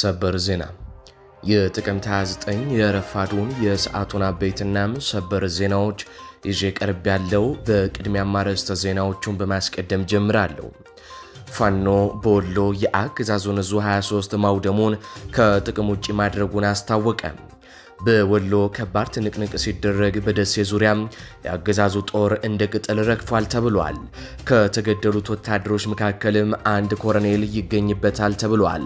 ሰበር ዜና የጥቅምት 29 የረፋዱን የሰዓቱን አበይትና ሰበር ዜናዎች ይዤ ቀርብ ያለው። በቅድሚያ ማረስተ ዜናዎቹን በማስቀደም ጀምራለሁ። ፋኖ በወሎ የአገዛዙን ዕዙ 23 ማውደሙን ከጥቅም ውጭ ማድረጉን አስታወቀም። በወሎ ከባድ ትንቅንቅ ሲደረግ በደሴ ዙሪያም የአገዛዙ ጦር እንደ ቅጠል ረግፏል ተብሏል። ከተገደሉት ወታደሮች መካከልም አንድ ኮረኔል ይገኝበታል ተብሏል።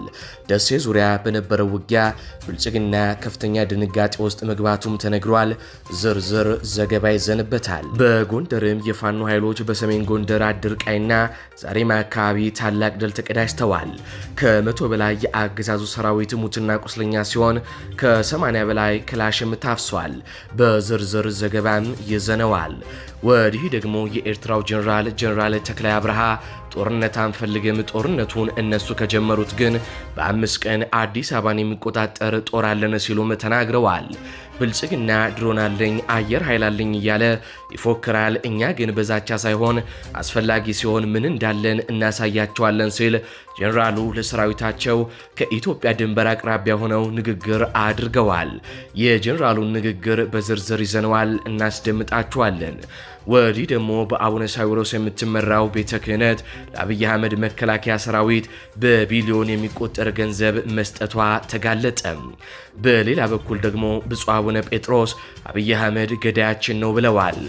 ደሴ ዙሪያ በነበረው ውጊያ ብልጽግና ከፍተኛ ድንጋጤ ውስጥ መግባቱም ተነግሯል። ዝርዝር ዘገባ ይዘንበታል። በጎንደርም የፋኖ ኃይሎች በሰሜን ጎንደር አድርቃይና ዛሬማ አካባቢ ታላቅ ድል ተቀዳጅተዋል። ከመቶ በላይ የአገዛዙ ሰራዊት ሙትና ቁስለኛ ሲሆን ከ80 በላይ ክላሽም ታፍሷል። በዝርዝር ዘገባም ይዘነዋል። ወዲህ ደግሞ የኤርትራው ጀኔራል ጀኔራል ተክላይ አብርሃ ጦርነት አንፈልግም፣ ጦርነቱን እነሱ ከጀመሩት ግን በአምስት ቀን አዲስ አበባን የሚቆጣጠር ጦር አለን ሲሉም ተናግረዋል። ብልጽግና ድሮን አለኝ አየር ኃይል አለኝ እያለ ይፎክራል። እኛ ግን በዛቻ ሳይሆን አስፈላጊ ሲሆን ምን እንዳለን እናሳያቸዋለን ሲል ጄኔራሉ ለሰራዊታቸው ከኢትዮጵያ ድንበር አቅራቢያ ሆነው ንግግር አድርገዋል። የጄኔራሉን ንግግር በዝርዝር ይዘነዋል፣ እናስደምጣችኋለን። ወዲህ ደግሞ በአቡነ ሳዊሮስ የምትመራው ቤተ ክህነት ለአብይ አህመድ መከላከያ ሰራዊት በቢሊዮን የሚቆጠር ገንዘብ መስጠቷ ተጋለጠ። በሌላ በኩል ደግሞ ብፁዕ አቡነ ጴጥሮስ አብይ አህመድ ገዳያችን ነው ብለዋል።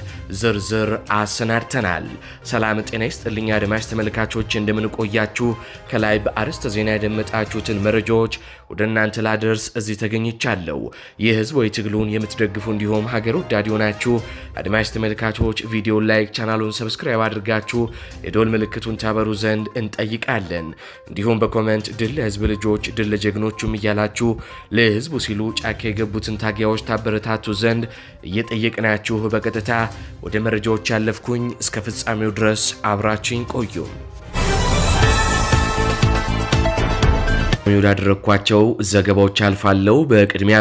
ዝርዝር አሰናድተናል። ሰላም ጤና ይስጥልኛ አድማጭ ተመልካቾች እንደምንቆያችሁ ከላይ በአርዕስተ ዜና የደመጣችሁትን መረጃዎች ወደ እናንተ ላደርስ እዚህ ተገኝቻለሁ። ይህ ህዝብ ወይ ትግሉን የምትደግፉ እንዲሁም ሀገር ወዳድ የሆናችሁ አድማጭ ተመልካቾች ቪዲዮ ላይክ፣ ቻናሉን ሰብስክራይብ አድርጋችሁ የዶል ምልክቱን ታበሩ ዘንድ እንጠይቃለን። እንዲሁም በኮመንት ድል ለህዝብ ልጆች ድል ለጀግኖቹም እያላችሁ ለህዝቡ ሲሉ ጫካ የገቡትን ታጊያዎች ታበረታቱ ዘንድ እየጠየቅናችሁ በቀጥታ ወደ መረጃዎች ያለፍኩኝ እስከ ፍጻሜው ድረስ አብራችኝ ቆዩም። ጠቆሚ ወዳደረግኳቸው ዘገባዎች አልፋለሁ። በቅድሚያ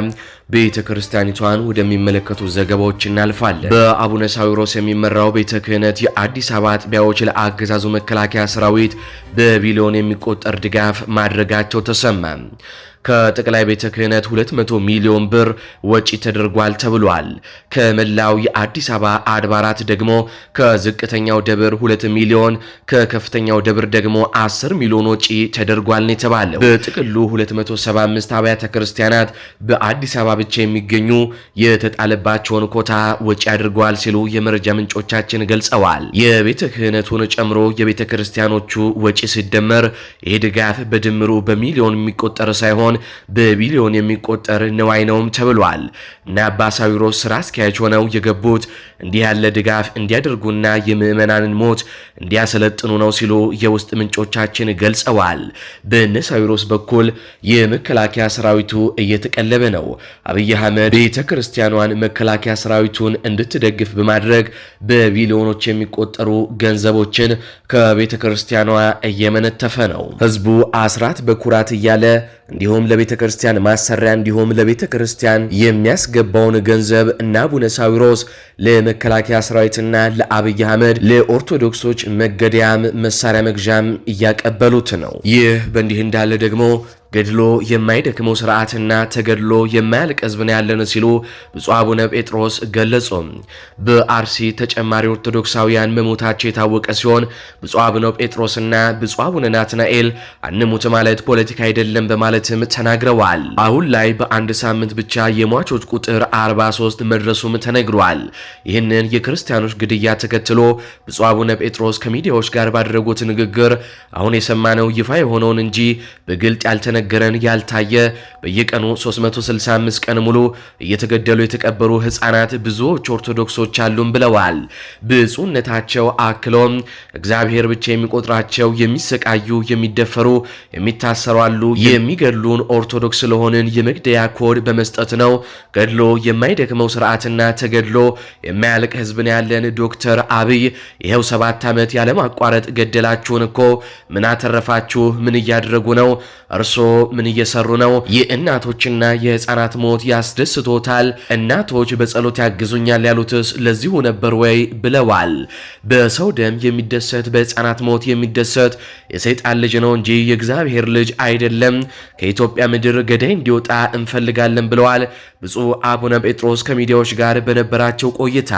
ቤተ ክርስቲያኒቷን ወደሚመለከቱ ዘገባዎች እናልፋለን። በአቡነ ሳዊሮስ የሚመራው ቤተ ክህነት የአዲስ አበባ አጥቢያዎች ለአገዛዙ መከላከያ ሰራዊት በቢሊዮን የሚቆጠር ድጋፍ ማድረጋቸው ተሰማ። ከጠቅላይ ቤተ ክህነት 200 ሚሊዮን ብር ወጪ ተደርጓል ተብሏል። ከመላው የአዲስ አበባ አድባራት ደግሞ ከዝቅተኛው ደብር 2 ሚሊዮን ከከፍተኛው ደብር ደግሞ 10 ሚሊዮን ወጪ ተደርጓል ነው የተባለው። በጥቅሉ 275 አብያተ ክርስቲያናት በአዲስ አበባ ብቻ የሚገኙ የተጣለባቸውን ኮታ ወጪ አድርገዋል ሲሉ የመረጃ ምንጮቻችን ገልጸዋል። የቤተ ክህነቱን ጨምሮ የቤተ ክርስቲያኖቹ ወጪ ሲደመር ይህ ድጋፍ በድምሩ በሚሊዮን የሚቆጠር ሳይሆን በቢሊዮን የሚቆጠር ንዋይ ነውም ተብሏል። እነ አባ ሳዊሮስ ስራ አስኪያጅ ሆነው የገቡት እንዲህ ያለ ድጋፍ እንዲያደርጉና የምዕመናንን ሞት እንዲያሰለጥኑ ነው ሲሉ የውስጥ ምንጮቻችን ገልጸዋል። በነ ሳዊሮስ በኩል የመከላከያ ሰራዊቱ እየተቀለበ ነው። አብይ አህመድ ቤተ ክርስቲያኗን መከላከያ ሰራዊቱን እንድትደግፍ በማድረግ በቢሊዮኖች የሚቆጠሩ ገንዘቦችን ከቤተ ክርስቲያኗ እየመነተፈ ነው። ህዝቡ አስራት በኩራት እያለ እንዲሁም እንዲሁም ለቤተ ክርስቲያን ማሰሪያ እንዲሁም ለቤተ ክርስቲያን የሚያስገባውን ገንዘብ እና አቡነ ሳዊሮስ ለመከላከያ ሰራዊትና ለአብይ አህመድ ለኦርቶዶክሶች መገደያም መሳሪያ መግዣም እያቀበሉት ነው። ይህ በእንዲህ እንዳለ ደግሞ ገድሎ የማይደክመው ስርዓትና ተገድሎ የማያልቅ ህዝብ ነው ያለን ሲሉ ብፁዕ አቡነ ጴጥሮስ ገለጹ። በአርሲ ተጨማሪ ኦርቶዶክሳውያን መሞታቸው የታወቀ ሲሆን ብፁዕ አቡነ ጴጥሮስና ብፁዕ አቡነ ናትናኤል አንሙት ማለት ፖለቲካ አይደለም በማለትም ተናግረዋል። አሁን ላይ በአንድ ሳምንት ብቻ የሟቾች ቁጥር 43 መድረሱም ተነግሯል። ይህንን የክርስቲያኖች ግድያ ተከትሎ ብፁዕ አቡነ ጴጥሮስ ከሚዲያዎች ጋር ባደረጉት ንግግር አሁን የሰማነው ይፋ የሆነውን እንጂ በግልጥ ያልተነ የተነገረን ያልታየ በየቀኑ 365 ቀን ሙሉ እየተገደሉ የተቀበሩ ህፃናት ብዙዎች ኦርቶዶክሶች አሉን ብለዋል። ብፁዕነታቸው አክለውም እግዚአብሔር ብቻ የሚቆጥራቸው የሚሰቃዩ፣ የሚደፈሩ፣ የሚታሰሩ አሉ። የሚገድሉን ኦርቶዶክስ ስለሆንን የመግደያ ኮድ በመስጠት ነው። ገድሎ የማይደክመው ስርዓትና ተገድሎ የማያልቅ ህዝብን ያለን ዶክተር አብይ ይኸው ሰባት ዓመት ያለማቋረጥ ገደላችሁን እኮ ምን አተረፋችሁ? ምን እያደረጉ ነው? እርሶ ምን እየሰሩ ነው? የእናቶችና የህፃናት ሞት ያስደስቶታል። እናቶች በጸሎት ያግዙኛል ያሉትስ ለዚሁ ነበር ወይ ብለዋል። በሰው ደም የሚደሰት በህፃናት ሞት የሚደሰት የሰይጣን ልጅ ነው እንጂ የእግዚአብሔር ልጅ አይደለም። ከኢትዮጵያ ምድር ገዳይ እንዲወጣ እንፈልጋለን ብለዋል። ብፁዕ አቡነ ጴጥሮስ ከሚዲያዎች ጋር በነበራቸው ቆይታ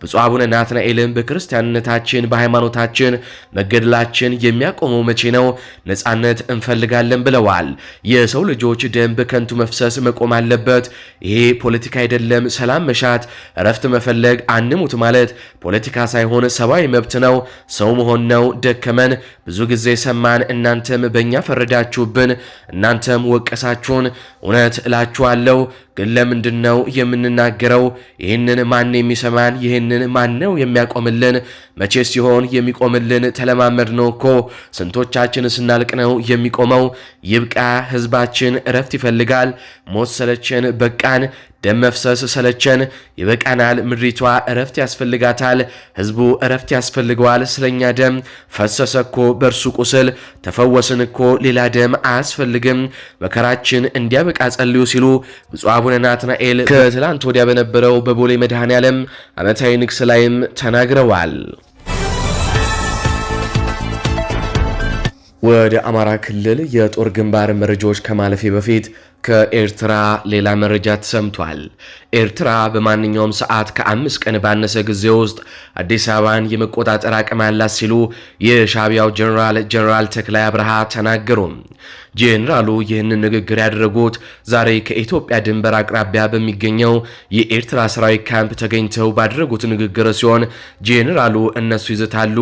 ብፁዕ አቡነ ናትናኤልም በክርስቲያንነታችን በሃይማኖታችን መገደላችን የሚያቆመው መቼ ነው? ነፃነት እንፈልጋለን ብለዋል። የሰው ልጆች ደም በከንቱ መፍሰስ መቆም አለበት። ይሄ ፖለቲካ አይደለም። ሰላም መሻት፣ እረፍት መፈለግ፣ አንሙት ማለት ፖለቲካ ሳይሆን ሰብአዊ መብት ነው። ሰው መሆን ነው። ደከመን፣ ብዙ ጊዜ ሰማን። እናንተም በእኛ ፈረዳችሁብን፣ እናንተም ወቀሳችሁን። እውነት እላችኋለሁ ግን ለምንድን ነው የምንናገረው? ይህንን ማን የሚሰማን? ይህንን ማን ነው የሚያቆምልን? መቼ ሲሆን የሚቆምልን? ተለማመድ ነው እኮ ስንቶቻችን ስናልቅ ነው የሚቆመው? ይብቃ። ህዝባችን እረፍት ይፈልጋል። ሞት ሰለቸን፣ በቃን። ደም መፍሰስ ሰለቸን፣ ይበቃናል፣ ምድሪቷ እረፍት ያስፈልጋታል፣ ህዝቡ እረፍት ያስፈልገዋል። ስለኛ ደም ፈሰሰ እኮ በእርሱ ቁስል ተፈወስን እኮ ሌላ ደም አያስፈልግም፣ መከራችን እንዲያበቃ ጸልዩ ሲሉ ብፁዕ አቡነ ናትናኤል ከትላንት ወዲያ በነበረው በቦሌ መድኃኔ ዓለም ዓመታዊ ንግስ ላይም ተናግረዋል። ወደ አማራ ክልል የጦር ግንባር መረጃዎች ከማለፌ በፊት ከኤርትራ ሌላ መረጃ ተሰምቷል። ኤርትራ በማንኛውም ሰዓት ከአምስት ቀን ባነሰ ጊዜ ውስጥ አዲስ አበባን የመቆጣጠር አቅም አላት ሲሉ የሻቢያው ጀኔራል ጀኔራል ተክላይ አብርሃ ተናገሩ። ጄኔራሉ ይህንን ንግግር ያደረጉት ዛሬ ከኢትዮጵያ ድንበር አቅራቢያ በሚገኘው የኤርትራ ሰራዊት ካምፕ ተገኝተው ባደረጉት ንግግር ሲሆን ጄኔራሉ እነሱ ይዘታሉ፣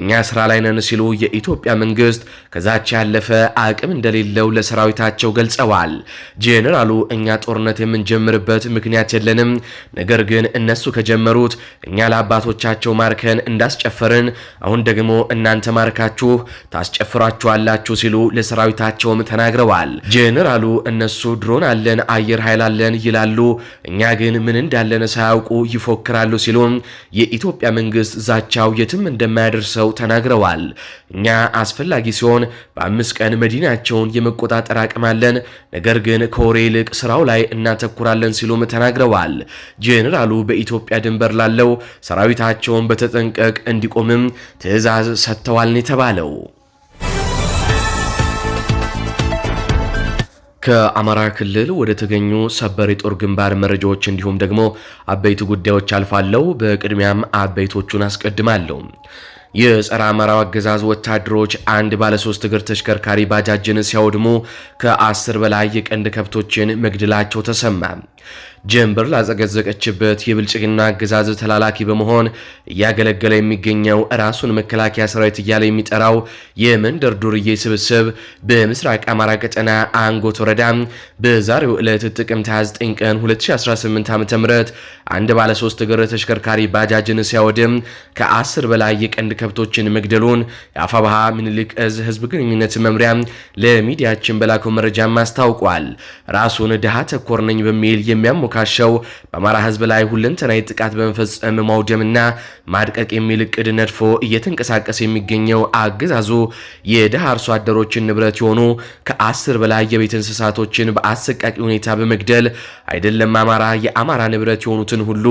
እኛ ስራ ላይ ነን ሲሉ የኢትዮጵያ መንግስት ከዛች ያለፈ አቅም እንደሌለው ለሰራዊታቸው ገልጸዋል። ጄኔራሉ እኛ ጦርነት የምንጀምርበት ምክንያት የለንም፣ ነገር ግን እነሱ ከጀመሩት እኛ ለአባቶቻቸው ማርከን እንዳስጨፈርን አሁን ደግሞ እናንተ ማርካችሁ ታስጨፍራችኋላችሁ ሲሉ ለሰራዊታቸውም ተናግረዋል። ጄኔራሉ እነሱ ድሮን አለን አየር ኃይል አለን ይላሉ፣ እኛ ግን ምን እንዳለን ሳያውቁ ይፎክራሉ ሲሉ የኢትዮጵያ መንግስት ዛቻው የትም እንደማያደርሰው ተናግረዋል። እኛ አስፈላጊ ሲሆን በአምስት ቀን መዲናቸውን የመቆጣጠር አቅም አለን፣ ነገር ግን ግን ከወሬ ይልቅ ስራው ላይ እናተኩራለን ሲሉም ተናግረዋል። ጄኔራሉ በኢትዮጵያ ድንበር ላለው ሰራዊታቸውን በተጠንቀቅ እንዲቆምም ትዕዛዝ ሰጥተዋል የተባለው። ከአማራ ክልል ወደ ተገኙ ሰበር የጦር ግንባር መረጃዎች እንዲሁም ደግሞ አበይት ጉዳዮች አልፋለሁ። በቅድሚያም አበይቶቹን አስቀድማለሁ። የጸረ አማራው አገዛዝ ወታደሮች አንድ ባለሶስት እግር ተሽከርካሪ ባጃጅን ሲያወድሙ ከአስር በላይ የቀንድ ከብቶችን መግደላቸው ተሰማ። ጀንበር ላዘገዘቀችበት የብልጽግና አገዛዝ ተላላኪ በመሆን እያገለገለ የሚገኘው ራሱን መከላከያ ሰራዊት እያለ የሚጠራው የመንደር ዱርዬ ስብስብ በምስራቅ አማራ ቀጠና አንጎት ወረዳ በዛሬው ዕለት ጥቅምት 29 ቀን 2018 ዓ ም አንድ ባለ እግር ተሽከርካሪ ባጃጅን ሲያወድም ከ10 በላይ የቀንድ ከብቶችን መግደሉን የአፋባሃ ምኒልክ እዝ ህዝብ ግንኙነት መምሪያ ለሚዲያችን በላከው መረጃም አስታውቋል። ራሱን ድሃ ተኮር ነኝ በሚል የሚያሞ ካሻው በአማራ ህዝብ ላይ ሁለንተናዊ ጥቃት በመፈጸም ማውደምና ማድቀቅ የሚል እቅድ ነድፎ እየተንቀሳቀሰ የሚገኘው አገዛዙ የድሃ አርሶ አደሮችን ንብረት የሆኑ ከአስር በላይ የቤት እንስሳቶችን በአሰቃቂ ሁኔታ በመግደል አይደለም አማራ የአማራ ንብረት የሆኑትን ሁሉ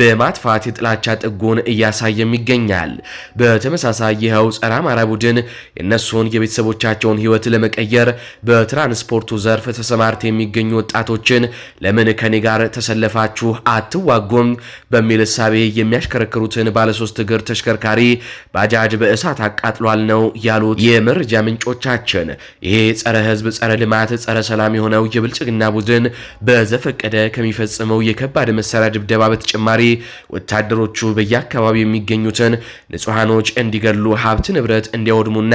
በማጥፋት የጥላቻ ጥጉን እያሳየም ይገኛል። በተመሳሳይ ይኸው ጸረ አማራ ቡድን የእነሱን የቤተሰቦቻቸውን ህይወት ለመቀየር በትራንስፖርቱ ዘርፍ ተሰማርተ የሚገኙ ወጣቶችን ለምን ከኔ ጋር ጋር ተሰለፋችሁ አትዋጉም በሚል እሳቤ የሚያሽከረክሩትን ባለሶስት እግር ተሽከርካሪ ባጃጅ በእሳት አቃጥሏል ነው ያሉት የመረጃ ምንጮቻችን። ይሄ ጸረ ህዝብ ጸረ ልማት፣ ጸረ ሰላም የሆነው የብልጽግና ቡድን በዘፈቀደ ከሚፈጽመው የከባድ መሳሪያ ድብደባ በተጨማሪ ወታደሮቹ በየአካባቢው የሚገኙትን ንጹሐኖች እንዲገሉ ሀብት ንብረት እንዲያወድሙና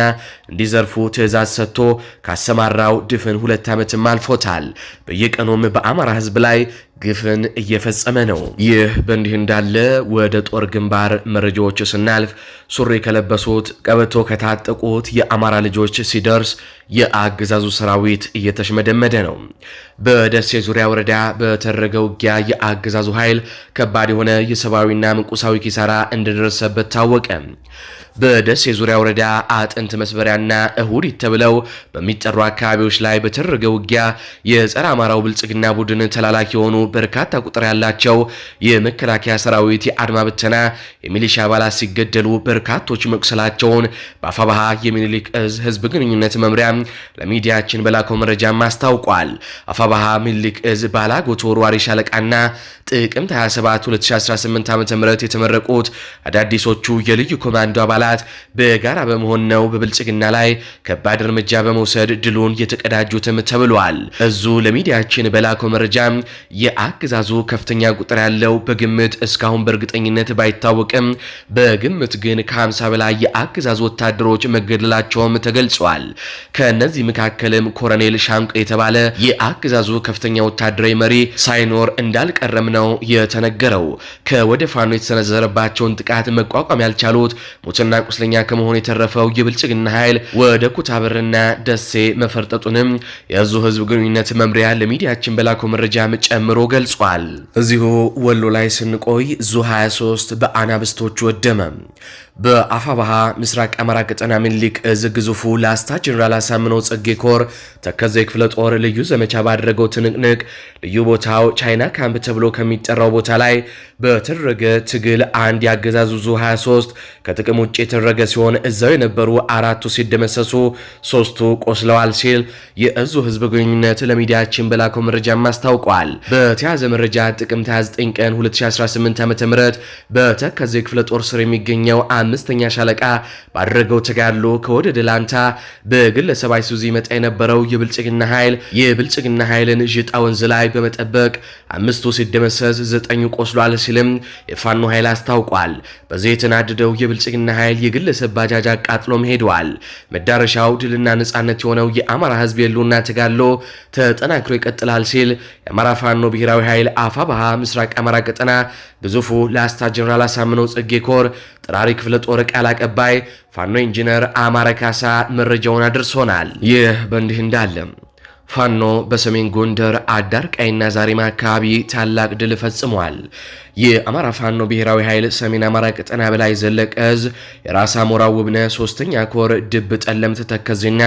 እንዲዘርፉ ትእዛዝ ሰጥቶ ካሰማራው ድፍን ሁለት ዓመትም አልፎታል። በየቀኑም በአማራ ህዝብ ላይ ግፍን እየፈጸመ ነው። ይህ በእንዲህ እንዳለ ወደ ጦር ግንባር መረጃዎች ስናልፍ ሱሪ ከለበሱት ቀበቶ ከታጠቁት የአማራ ልጆች ሲደርስ የአገዛዙ ሰራዊት እየተሽመደመደ ነው። በደሴ ዙሪያ ወረዳ በተደረገ ውጊያ የአገዛዙ ኃይል ከባድ የሆነ የሰብአዊና ምንቁሳዊ ኪሳራ እንደደረሰበት ታወቀ። በደሴ የዙሪያ ወረዳ አጥንት መስበሪያና እሁድ ተብለው በሚጠሩ አካባቢዎች ላይ በተደረገ ውጊያ የጸረ አማራው ብልጽግና ቡድን ተላላኪ የሆኑ በርካታ ቁጥር ያላቸው የመከላከያ ሰራዊት፣ የአድማ ብተና፣ የሚሊሻ አባላት ሲገደሉ በርካቶች መቁሰላቸውን በአፋባሃ የሚኒሊክ እዝ ህዝብ ግንኙነት መምሪያ ለሚዲያችን በላከው መረጃም አስታውቋል። አፋባሃ ሚኒሊክ እዝ ባላጎ ተወርዋሪ ሻለቃና ጥቅምት 27 2018 ዓ ም የተመረቁት አዳዲሶቹ የልዩ ኮማንዶ አባላት አባላት በጋራ በመሆን ነው በብልጽግና ላይ ከባድ እርምጃ በመውሰድ ድሉን የተቀዳጁትም ተብሏል። እዙ ለሚዲያችን በላከው መረጃም የአገዛዙ ከፍተኛ ቁጥር ያለው በግምት እስካሁን በእርግጠኝነት ባይታወቅም በግምት ግን ከ50 በላይ የአገዛዙ ወታደሮች መገደላቸውም ተገልጿል። ከእነዚህ መካከልም ኮረኔል ሻንቆ የተባለ የአገዛዙ ከፍተኛ ወታደራዊ መሪ ሳይኖር እንዳልቀረም ነው የተነገረው። ከወደ ፋኖ የተሰነዘረባቸውን ጥቃት መቋቋም ያልቻሉት ሙትና ሙትና ቁስለኛ ከመሆኑ የተረፈው የብልጽግና ኃይል ወደ ኩታብርና ደሴ መፈርጠጡንም የዙ ህዝብ ግንኙነት መምሪያ ለሚዲያችን በላከው መረጃ ጨምሮ ገልጿል። እዚሁ ወሎ ላይ ስንቆይ ዙ 23 በአናብስቶች ወደመ። በአፋባሃ ምስራቅ አማራ ቀጠና ምኒልክ እዝ ግዙፉ ላስታ ጀኔራል አሳምነው ጽጌ ኮር ተከዘ ክፍለ ጦር ልዩ ዘመቻ ባደረገው ትንቅንቅ ልዩ ቦታው ቻይና ካምፕ ተብሎ ከሚጠራው ቦታ ላይ በተደረገ ትግል አንድ የአገዛዙ ዙ 23 ከጥቅም ውጭ የተደረገ ሲሆን እዛው የነበሩ አራቱ ሲደመሰሱ ሶስቱ ቆስለዋል ሲል የእዙ ህዝብ ግንኙነት ለሚዲያችን በላከው መረጃም አስታውቋል። በተያዘ መረጃ ጥቅምት 29 ቀን 2018 ዓ ም በተከዘ የክፍለ ጦር ስር የሚገኘው አምስተኛ ሻለቃ ባደረገው ተጋድሎ ከወደ ደላንታ በግለሰብ አይሱዙ ይመጣ የነበረው የብልጽግና ኃይል የብልጽግና ኃይልን ዥጣ ወንዝ ላይ በመጠበቅ አምስቱ ሲደመሰስ ዘጠኙ ቆስሏል ሲልም የፋኖ ኃይል አስታውቋል። በዚህ የተናደደው የብልጽግና ኃይል የግለሰብ ባጃጅ አቃጥሎም ሄደዋል። መዳረሻው ድልና ነጻነት የሆነው የአማራ ህዝብ የሉና ተጋድሎ ተጠናክሮ ይቀጥላል ሲል የአማራ ፋኖ ብሔራዊ ኃይል አፋ ባሃ ምስራቅ አማራ ቀጠና ግዙፉ ላስታ ጀኔራል አሳምነው ጽጌ ኮር ጠራሪ ክፍለ ጦር ቃል አቀባይ ፋኖ ኢንጂነር አማረ ካሳ መረጃውን አድርሶናል። ይህ በእንዲህ እንዳለ ፋኖ በሰሜን ጎንደር አዳር ቀይና ዛሬማ አካባቢ ታላቅ ድል ፈጽሟል። የአማራ ፋኖ ብሔራዊ ኃይል ሰሜን አማራ ቅጠና በላይ ዘለቀዝ የራስ አሞራ ውብነ ሶስተኛ ኮር ድብ ጠለምት ተከዜና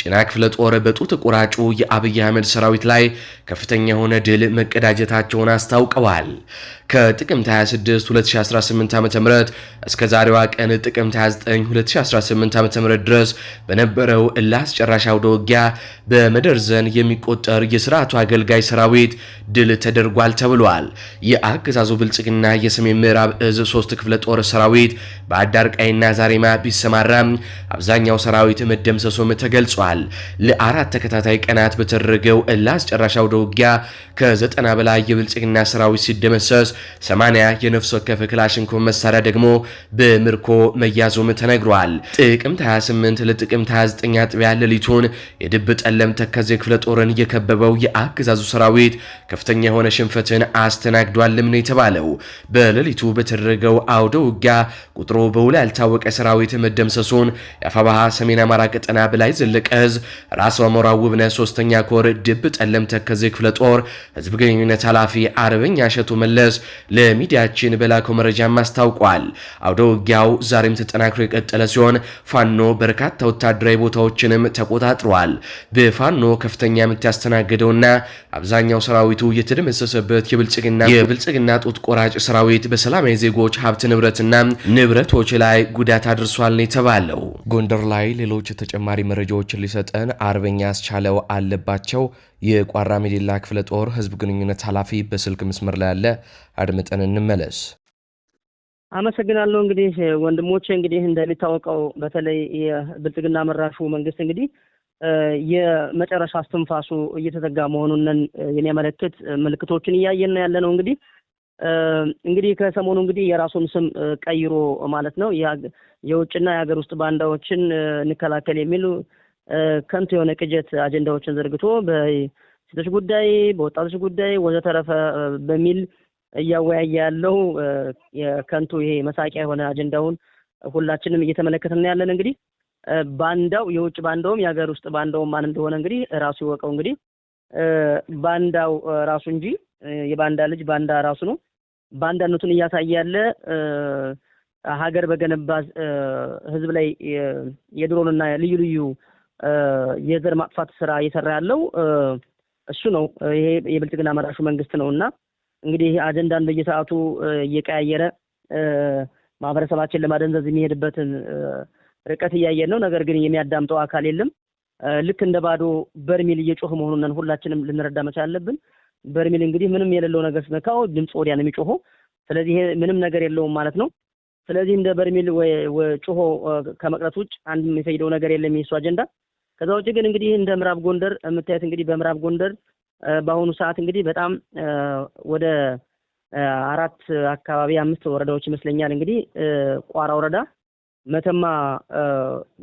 ጭና ክፍለ ጦር በጡት ቁራጩ የአብይ አህመድ ሰራዊት ላይ ከፍተኛ የሆነ ድል መቀዳጀታቸውን አስታውቀዋል። ከጥቅምት 26 2018 ም እስከ ዛሬዋ ቀን ጥቅምት 29 2018 ዓ.ም ድረስ በነበረው እልህ አስጨራሽ አውደ ውጊያ በመደርዘን የሚቆጠር የስርዓቱ አገልጋይ ሰራዊት ድል ተደርጓል ተብሏል። የአገዛዙ ብልጽግና የሰሜን ምዕራብ እዝ ሶስት ክፍለ ጦር ሰራዊት በአዳርቃይና ዛሬማ ቢሰማራም አብዛኛው ሰራዊት መደምሰሱም ተገልጿል። ለአራት ተከታታይ ቀናት በተደረገው ለአስጨራሽ አውደ ውጊያ ከዘጠና በላይ የብልጽግና ሰራዊት ሲደመሰስ 80 የነፍስ ወከፍ ክላሽንኮቭ መሳሪያ ደግሞ በምርኮ መያዙም ተነግሯል። ጥቅምት 28 ለጥቅምት 29 አጥቢያ ሌሊቱን የድብ ጠለም ተከዜ ክፍለ ጦርን የከበበው የአገዛዙ ሰራዊት ከፍተኛ የሆነ ሽንፈትን አስተናግዷልም ነው የተባለ የተባለው። በሌሊቱ በተደረገው አውደ ውጊያ ቁጥሩ በውል ያልታወቀ ሰራዊት መደምሰሱን የአፋባሃ ሰሜን አማራ ቀጠና በላይ ዘለቀ ህዝብ ራስ አሞራ ውብነ ሶስተኛ ኮር ድብ ጠለም ተከዜ ክፍለ ጦር ህዝብ ግንኙነት ኃላፊ አርበኛ እሸቱ መለስ ለሚዲያችን በላከው መረጃም አስታውቋል። አውደ ውጊያው ዛሬም ተጠናክሮ የቀጠለ ሲሆን ፋኖ በርካታ ወታደራዊ ቦታዎችንም ተቆጣጥሯል። በፋኖ ከፍተኛ ምት ያስተናገደውና አብዛኛው ሰራዊቱ የተደመሰሰበት የብልጽግና ጡት ቆራጭ ሰራዊት በሰላማዊ ዜጎች ሀብት ንብረትና ንብረቶች ላይ ጉዳት አድርሷል ነው የተባለው። ጎንደር ላይ ሌሎች ተጨማሪ መረጃዎችን ሊሰጠን አርበኛ አስቻለው አለባቸው የቋራ ሜዴላ ክፍለ ጦር ህዝብ ግንኙነት ኃላፊ በስልክ መስመር ላይ ያለ አድምጠን እንመለስ። አመሰግናለሁ። እንግዲህ ወንድሞቼ እንግዲህ እንደሚታወቀው በተለይ የብልጽግና መራሹ መንግስት እንግዲህ የመጨረሻ እስትንፋሱ እየተዘጋ መሆኑን የሚያመለክት ምልክቶችን እያየን ያለ ነው እንግዲህ እንግዲህ ከሰሞኑ እንግዲህ የራሱን ስም ቀይሮ ማለት ነው የውጭና የሀገር ውስጥ ባንዳዎችን እንከላከል የሚሉ ከንቱ የሆነ ቅጀት አጀንዳዎችን ዘርግቶ በሴቶች ጉዳይ፣ በወጣቶች ጉዳይ ወዘተረፈ በሚል እያወያየ ያለው የከንቱ ይሄ መሳቂያ የሆነ አጀንዳውን ሁላችንም እየተመለከትን ያለን እንግዲህ ባንዳው የውጭ ባንዳውም የሀገር ውስጥ ባንዳውም ማን እንደሆነ እንግዲህ ራሱ ይወቀው። እንግዲህ ባንዳው ራሱ እንጂ የባንዳ ልጅ ባንዳ ራሱ ነው። ባንዳነቱን እያሳየ ያለ ሀገር በገነባ ህዝብ ላይ የድሮንና ልዩ ልዩ የዘር ማጥፋት ስራ እየሰራ ያለው እሱ ነው። ይሄ የብልጽግና መራሹ መንግስት ነው እና እንግዲህ አጀንዳን በየሰዓቱ እየቀያየረ ማህበረሰባችን ለማደንዘዝ የሚሄድበትን ርቀት እያየን ነው። ነገር ግን የሚያዳምጠው አካል የለም። ልክ እንደ ባዶ በርሜል እየጮህ መሆኑን ሁላችንም ልንረዳ መቻል አለብን። በርሚል እንግዲህ ምንም የሌለው ነገር ስነካው ድምፅ ወዲያ ነው የሚጮኸው። ስለዚህ ይሄ ምንም ነገር የለውም ማለት ነው። ስለዚህ እንደ በርሚል ጮሆ ከመቅረት ውጭ አንድ የሚፈይደው ነገር የለም የሱ አጀንዳ። ከዛ ውጭ ግን እንግዲህ እንደ ምዕራብ ጎንደር የምታዩት እንግዲህ በምዕራብ ጎንደር በአሁኑ ሰዓት እንግዲህ በጣም ወደ አራት አካባቢ አምስት ወረዳዎች ይመስለኛል እንግዲህ ቋራ ወረዳ፣ መተማ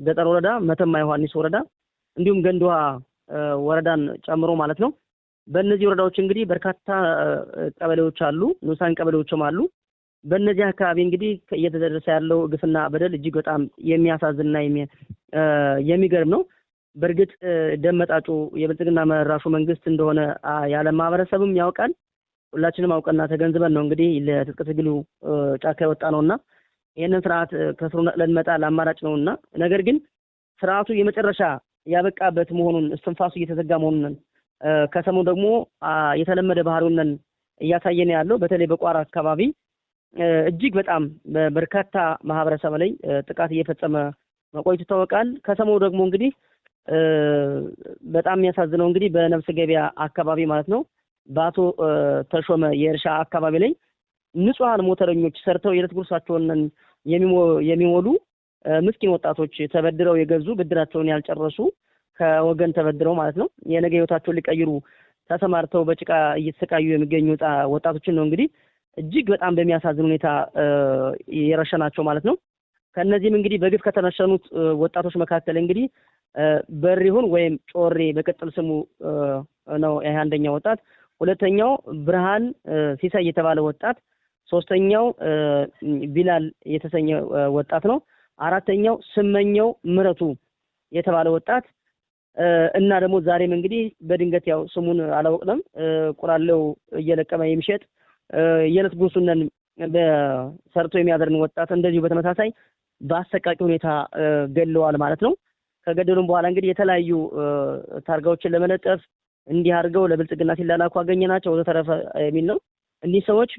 ገጠር ወረዳ፣ መተማ ዮሐንስ ወረዳ እንዲሁም ገንድዋ ወረዳን ጨምሮ ማለት ነው በእነዚህ ወረዳዎች እንግዲህ በርካታ ቀበሌዎች አሉ፣ ንዑሳን ቀበሌዎችም አሉ። በእነዚህ አካባቢ እንግዲህ እየተደረሰ ያለው ግፍና በደል እጅግ በጣም የሚያሳዝንና የሚገርም ነው። በእርግጥ ደመጣጩ የብልጽግና መራሹ መንግስት እንደሆነ ያለ ማህበረሰብም ያውቃል። ሁላችንም አውቀና ተገንዝበን ነው እንግዲህ ለትጥቅ ትግሉ ጫካ የወጣ ነው እና ይህንን ስርዓት ከስሩ ለንመጣ ለአማራጭ ነው እና ነገር ግን ስርዓቱ የመጨረሻ ያበቃበት መሆኑን እስትንፋሱ እየተዘጋ መሆኑን ከሰሞኑ ደግሞ የተለመደ ባህሪውን እያሳየን ያለው በተለይ በቋራ አካባቢ እጅግ በጣም በርካታ ማህበረሰብ ላይ ጥቃት እየፈጸመ መቆየቱ ይታወቃል። ከሰሞኑ ደግሞ እንግዲህ በጣም የሚያሳዝነው እንግዲህ በነፍስ ገበያ አካባቢ ማለት ነው በአቶ ተሾመ የእርሻ አካባቢ ላይ ንጹሐን ሞተረኞች ሰርተው የዕለት ጉርሳቸውን የሚሞሉ ምስኪን ወጣቶች ተበድረው የገዙ ብድራቸውን ያልጨረሱ ከወገን ተበድረው ማለት ነው የነገ ህይወታቸውን ሊቀይሩ ተሰማርተው በጭቃ እየተሰቃዩ የሚገኙ ወጣቶችን ነው እንግዲህ እጅግ በጣም በሚያሳዝን ሁኔታ የረሸናቸው ማለት ነው። ከእነዚህም እንግዲህ በግፍ ከተረሸኑት ወጣቶች መካከል እንግዲህ በሪሁን ወይም ጮሬ በቅጽል ስሙ ነው ይህ አንደኛው ወጣት፣ ሁለተኛው ብርሃን ሲሳይ የተባለ ወጣት፣ ሶስተኛው ቢላል የተሰኘ ወጣት ነው። አራተኛው ስመኘው ምረቱ የተባለ ወጣት እና ደግሞ ዛሬም እንግዲህ በድንገት ያው ስሙን አላወቅንም ቁራለው እየለቀመ የሚሸጥ የዕለት ጉርሱን ሰርቶ የሚያደርን ወጣት እንደዚሁ በተመሳሳይ በአሰቃቂ ሁኔታ ገለዋል ማለት ነው። ከገደሉም በኋላ እንግዲህ የተለያዩ ታርጋዎችን ለመለጠፍ እንዲህ አድርገው ለብልጽግና ሲላላኩ ናቸው ወዘተረፈ የሚል ነው። እኒህ ሰዎች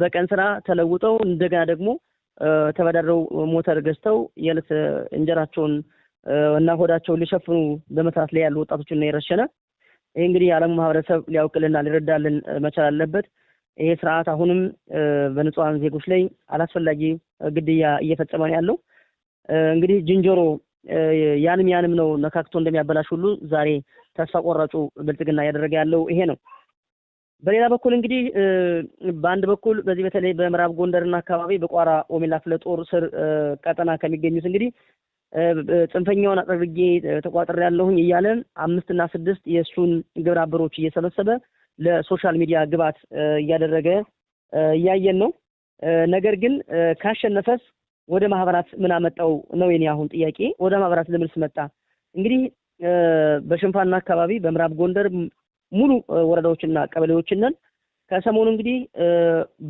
በቀን ስራ ተለውጠው እንደገና ደግሞ ተበዳድረው ሞተር ገዝተው የዕለት እንጀራቸውን እና ሆዳቸውን ሊሸፍኑ በመስራት ላይ ያሉ ወጣቶችን ነው የረሸነ። ይህ እንግዲህ የዓለሙ ማህበረሰብ ሊያውቅልና ሊረዳልን መቻል አለበት። ይሄ ስርዓት አሁንም በንጹሐን ዜጎች ላይ አላስፈላጊ ግድያ እየፈጸመ ነው ያለው። እንግዲህ ዝንጀሮ ያንም ያንም ነው ነካክቶ እንደሚያበላሽ ሁሉ ዛሬ ተስፋ ቆራጩ ብልጽግና እያደረገ ያለው ይሄ ነው። በሌላ በኩል እንግዲህ በአንድ በኩል በዚህ በተለይ በምዕራብ ጎንደርና አካባቢ በቋራ ኦሜላ ክፍለ ጦር ስር ቀጠና ከሚገኙት እንግዲህ ጽንፈኛውን አጥርጌ ተቋጥሬ ያለሁኝ እያለ አምስትና ስድስት የእሱን ግብረ አበሮች እየሰበሰበ ለሶሻል ሚዲያ ግብዓት እያደረገ እያየን ነው። ነገር ግን ካሸነፈስ ወደ ማህበራት ምን አመጣው ነው የኔ አሁን ጥያቄ። ወደ ማህበራት ለምንስ መጣ? እንግዲህ በሽንፋና አካባቢ በምዕራብ ጎንደር ሙሉ ወረዳዎችና ቀበሌዎችን ነን። ከሰሞኑ እንግዲህ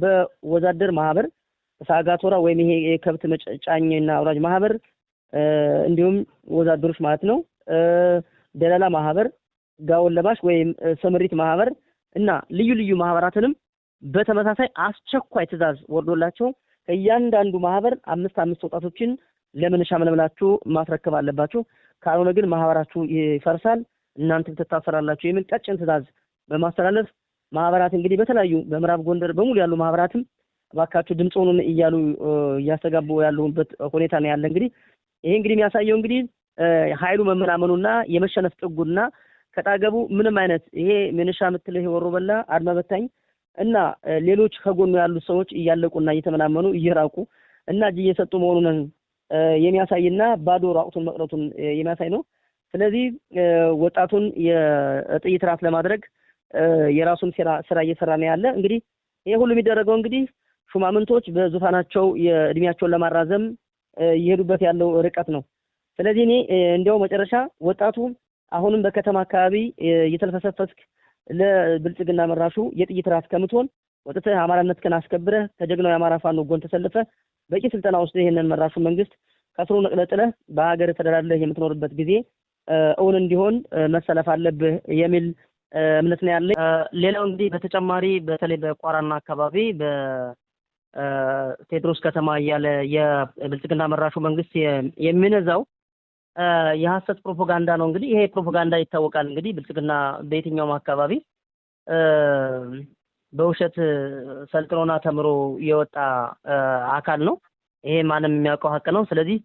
በወዛደር ማህበር ሳጋቶራ ወይም ይሄ የከብት መጫኝና አውራጅ ማህበር እንዲሁም ወዛደሮች ማለት ነው፣ ደላላ ማህበር፣ ጋውን ለባሽ ወይም ስምሪት ማህበር እና ልዩ ልዩ ማህበራትንም በተመሳሳይ አስቸኳይ ትዕዛዝ ወርዶላቸው ከእያንዳንዱ ማህበር አምስት አምስት ወጣቶችን ለመነሻ መለምላችሁ ማስረከብ አለባችሁ። ካልሆነ ግን ማህበራችሁ ይፈርሳል፣ እናንተም ትታሰራላችሁ የሚል ቀጭን ትዕዛዝ በማስተላለፍ ማህበራት እንግዲህ በተለያዩ በምዕራብ ጎንደር በሙሉ ያሉ ማህበራትም እባካችሁ ድምፅ ሆኑን እያሉ እያስተጋቡ ያሉበት ሁኔታ ነው ያለ። እንግዲህ ይሄ እንግዲህ የሚያሳየው እንግዲህ ኃይሉ መመናመኑና የመሸነፍ ጥጉና ከጣገቡ ምንም አይነት ይሄ ምንሻ ምትል ይሄ ወሮ በላ አድማ በታኝ እና ሌሎች ከጎኑ ያሉ ሰዎች እያለቁና እየተመናመኑ እየራቁ እና እጅ እየሰጡ መሆኑን የሚያሳይና ባዶ ራቁቱን መቅረቱን የሚያሳይ ነው። ስለዚህ ወጣቱን የጥይት ራት ለማድረግ የራሱን ስራ እየሰራ ነው ያለ። እንግዲህ ይሄ ሁሉ የሚደረገው እንግዲህ ሹማምንቶች በዙፋናቸው የእድሜያቸውን ለማራዘም እየሄዱበት ያለው ርቀት ነው። ስለዚህ እኔ እንዲያው መጨረሻ ወጣቱ አሁንም በከተማ አካባቢ እየተልፈሰፈስክ ለብልጽግና መራሹ የጥይት ራት ከምትሆን ወጥተህ አማራነትህን አስከብረህ ከጀግናው የአማራ ፋኖ ጎን ተሰልፈ በቂ ስልጠና ውስጥ ይህንን መራሹ መንግስት ከስሩ ነቅለህ በሀገር የምትኖርበት ጊዜ እውን እንዲሆን መሰለፍ አለብህ የሚል እምነት ነው ያለኝ። ሌላው እንግዲህ በተጨማሪ በተለይ በቋራና አካባቢ ቴድሮስ ከተማ እያለ የብልጽግና መራሹ መንግስት የሚነዛው የሀሰት ፕሮፓጋንዳ ነው። እንግዲህ ይሄ ፕሮፓጋንዳ ይታወቃል። እንግዲህ ብልጽግና በየትኛውም አካባቢ በውሸት ሰልጥኖና ተምሮ የወጣ አካል ነው። ይሄ ማንም የሚያውቀው ሀቅ ነው። ስለዚህ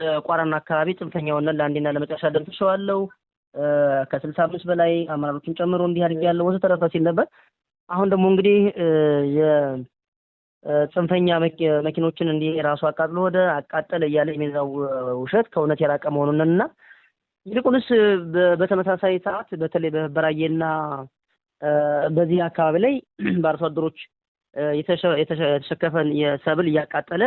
በቋራና አካባቢ ጽንፈኛ ሆነን ለአንዴና ለመጨረሻ ደምስሸዋለሁ ከስልሳ አምስት በላይ አመራሮችን ጨምሮ እንዲህ አድርጌያለሁ ወዘተረፈ ሲል ነበር። አሁን ደግሞ እንግዲህ ጽንፈኛ መኪኖችን እንዲ ራሱ አቃጥሎ ወደ አቃጠለ እያለ የሚዛው ውሸት ከእውነት የራቀ መሆኑንና ይልቁንስ በተመሳሳይ ሰዓት በተለይ በበራዬና በዚህ አካባቢ ላይ በአርሶ አደሮች የተሸከፈን የሰብል እያቃጠለ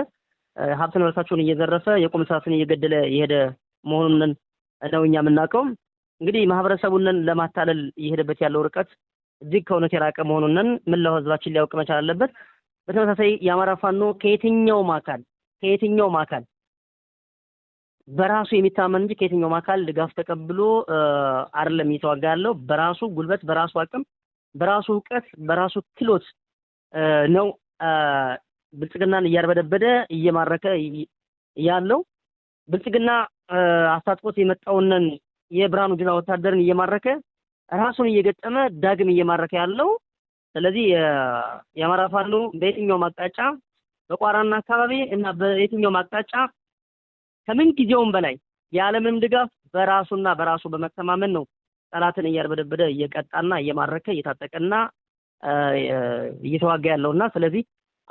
ሀብት ንብረታቸውን እየዘረፈ የቁም ሰዓትን እየገደለ የሄደ መሆኑን ነው እኛ የምናውቀው። እንግዲህ ማህበረሰቡንን ለማታለል እየሄደበት ያለው ርቀት እጅግ ከእውነት የራቀ መሆኑንን ምን ለው ህዝባችን ሊያውቅ መቻል አለበት። በተመሳሳይ የአማራ ፋኖ ከየትኛውም አካል ከየትኛውም አካል በራሱ የሚታመን እንጂ ከየትኛውም አካል ድጋፍ ተቀብሎ አይደለም እየተዋጋ ያለው። በራሱ ጉልበት፣ በራሱ አቅም፣ በራሱ እውቀት፣ በራሱ ክሎት ነው ብልጽግናን እያርበደበደ እየማረከ ያለው። ብልጽግና አስታጥቆት የመጣውንን የብርሃኑ ጁላ ወታደርን እየማረከ ራሱን እየገጠመ ዳግም እየማረከ ያለው ስለዚህ የአማራ ፋኖ በየትኛውም አቅጣጫ በቋራና አካባቢ እና በየትኛውም አቅጣጫ ከምን ጊዜውም በላይ የዓለምም ድጋፍ በራሱና በራሱ በመተማመን ነው ጠላትን እያርበደበደ እየቀጣና እየማረከ እየታጠቀና እየተዋጋ ያለውና ስለዚህ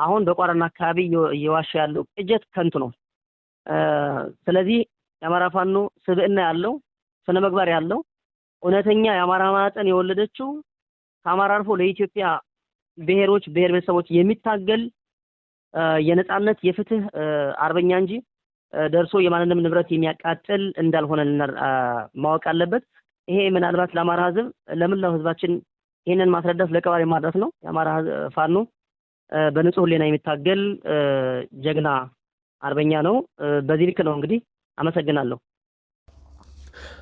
አሁን በቋራና አካባቢ እየዋሸ ያለው ቅጀት ከንቱ ነው። ስለዚህ የአማራ ፋኖ ስብዕና ያለው ስነ ምግባር ያለው እውነተኛ የአማራ ማጠን የወለደችው ከአማራ አርፎ ለኢትዮጵያ ብሔሮች ብሔር ብሔረሰቦች የሚታገል የነጻነት የፍትህ አርበኛ እንጂ ደርሶ የማንንም ንብረት የሚያቃጥል እንዳልሆነ ማወቅ አለበት። ይሄ ምናልባት ለአማራ ህዝብ ለምንላው ህዝባችን ይህንን ማስረዳት ለቀባሪ ማድረስ ነው። የአማራ ፋኖ በንጹህ ህሊና የሚታገል ጀግና አርበኛ ነው። በዚህ ልክ ነው እንግዲህ። አመሰግናለሁ።